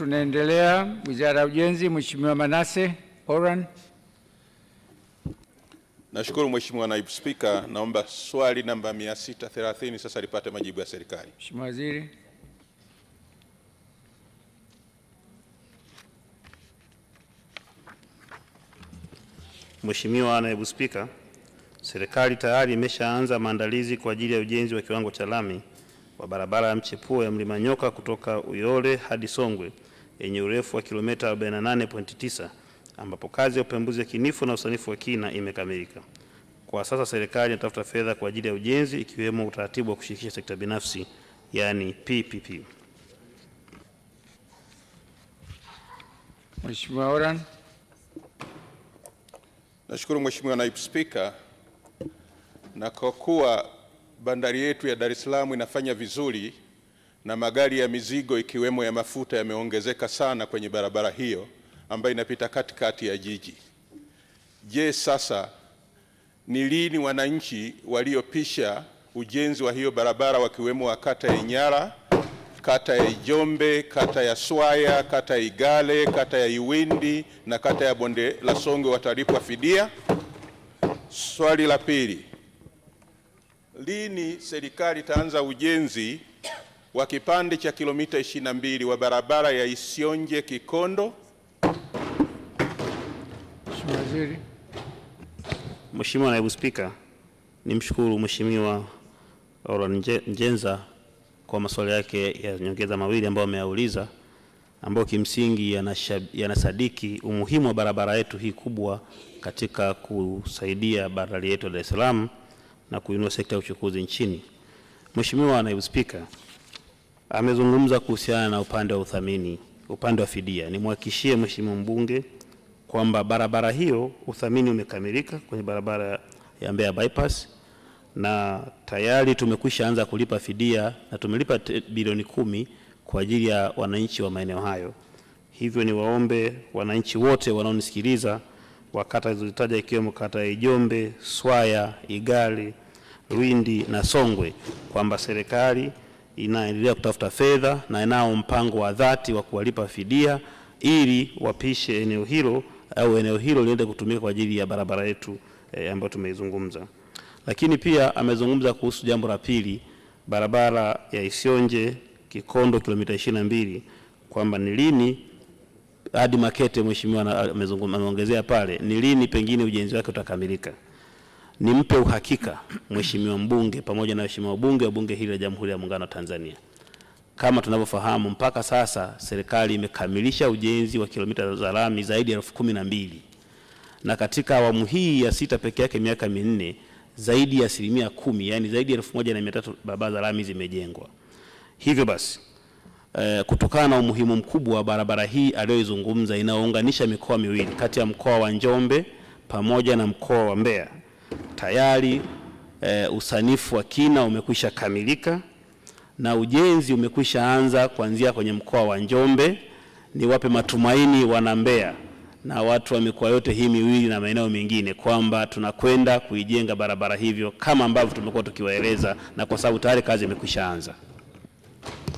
Tunaendelea, Wizara ya Ujenzi, Mheshimiwa Manase Oran. Nashukuru Mheshimiwa Naibu Spika, naomba swali namba 630 sasa lipate majibu ya serikali. Mheshimiwa Waziri. Mheshimiwa Naibu Spika, serikali tayari imeshaanza maandalizi kwa ajili ya ujenzi wa kiwango cha lami wa barabara ya mchepuo ya Mlima Nyoka kutoka Uyole hadi Songwe yenye urefu wa kilomita 48.9 ambapo kazi ya upembuzi yakinifu na usanifu wa kina imekamilika. Kwa sasa serikali inatafuta fedha kwa ajili ya ujenzi ikiwemo utaratibu wa kushirikisha sekta binafsi yani PPP. Mheshimiwa Oran. Nashukuru Mheshimiwa Naibu Spika, na kwa kuwa bandari yetu ya Dar es Salaam inafanya vizuri na magari ya mizigo ikiwemo ya mafuta yameongezeka sana kwenye barabara hiyo ambayo inapita katikati ya jiji. Je, sasa ni lini wananchi waliopisha ujenzi wa hiyo barabara wakiwemo wa kata ya Inyara, kata ya Ijombe, kata ya Swaya, kata ya Igale, kata ya Iwindi na kata ya Bonde la Songwe watalipwa fidia? Swali la pili, lini serikali itaanza ujenzi wa kipande cha kilomita 22 wa barabara ya Isionje Kikondo. Mheshimiwa Waziri. Mheshimiwa Naibu Spika, nimshukuru Mheshimiwa Oran Njenza kwa maswali yake ya nyongeza mawili ambayo ameyauliza ambayo kimsingi yanasadiki ya umuhimu wa barabara yetu hii kubwa katika kusaidia bandari yetu ya Dar es Salaam na kuinua sekta ya uchukuzi nchini. Mheshimiwa Naibu Spika, amezungumza kuhusiana na upande wa uthamini, upande wa fidia. Nimhakikishie mheshimiwa mbunge kwamba barabara hiyo uthamini umekamilika kwenye barabara ya Mbeya bypass na tayari tumekwisha anza kulipa fidia na tumelipa bilioni kumi kwa ajili ya wananchi wa maeneo hayo. Hivyo niwaombe wananchi wote wanaonisikiliza wa kata zilizotaja ikiwemo kata ya Ijombe, Swaya, Igali, Lwindi na Songwe kwamba serikali inaendelea kutafuta fedha na inao mpango wa dhati wa kuwalipa fidia ili wapishe eneo hilo au eneo hilo liende kutumika kwa ajili ya barabara yetu e, ambayo tumeizungumza. Lakini pia amezungumza kuhusu jambo la pili, barabara ya Isionje Kikondo kilomita 22 kwamba ni lini hadi Makete, mheshimiwa ameongezea pale, ni lini pengine ujenzi wake utakamilika. Nimpe uhakika mheshimiwa mbunge pamoja na waheshimiwa wabunge wa bunge hili la Jamhuri ya Muungano wa Tanzania, kama tunavyofahamu mpaka sasa serikali imekamilisha ujenzi wa kilomita za lami zaidi ya elfu kumi na mbili na katika awamu hii ya sita peke yake miaka minne zaidi ya asilimia kumi yani zaidi ya elfu moja na mia tatu barabara za lami zimejengwa. Hivyo basi eh, kutokana na umuhimu mkubwa wa barabara hii aliyoizungumza inayounganisha mikoa miwili kati ya mkoa wa Njombe pamoja na mkoa wa Mbeya tayari e, usanifu wa kina umekwisha kamilika na ujenzi umekwisha anza kuanzia kwenye mkoa wa Njombe. Niwape matumaini wana Mbeya na watu wa mikoa yote hii miwili na maeneo mengine kwamba tunakwenda kuijenga barabara hivyo kama ambavyo tumekuwa tukiwaeleza, na kwa sababu tayari kazi imekwisha anza.